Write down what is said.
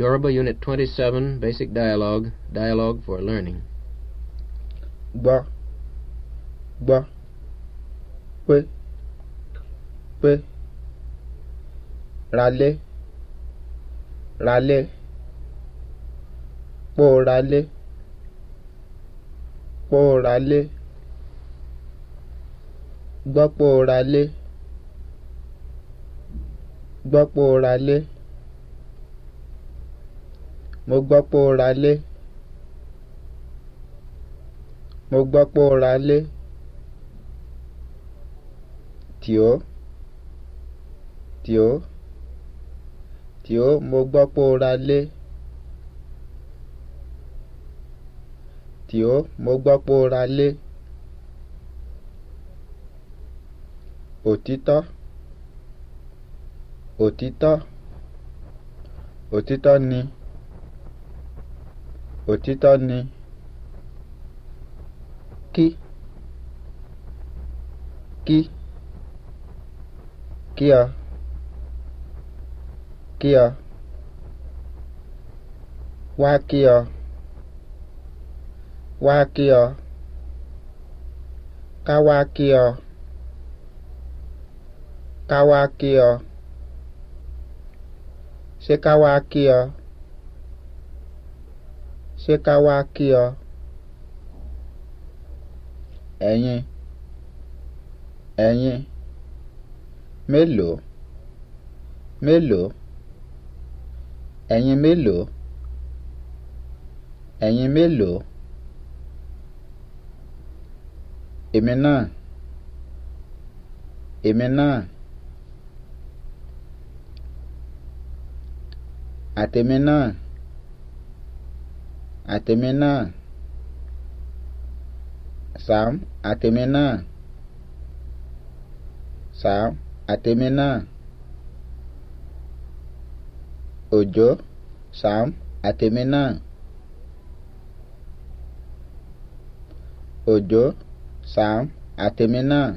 Yoruba Unit 27, Basic Dialogue, Dialogue for Learning. Gba. Gba. Pe. Pe. Rale. Rale. Po rale. Po rale. Gbọ́ po rale. Gbọ́ po rale. mo gbọ́ pé ó ralé mo gbọ́ pé ó ralé tìó tìó tìó mo gbọ́ pé ó ralé tìó mo gbọ́ pé ó ralé òtítọ́ òtítọ́ òtítọ́ ni òtítọ́ ni kí kí kí a kí a wá kí a wá kí a ká wá kí a ká wá kí a ṣé ká wá kí a ṣé ká wá kí ọ ẹ̀yin ẹ̀yin mélòó mélòó ẹ̀yin mélòó ẹ̀yin mélòó èmi náà èmi náà àtèmi náà àtẹ̀mí náà sam àtẹ̀mí náà sam àtẹ̀mí náà òjò sam àtẹ̀mí náà òjò sam àtẹ̀mí náà.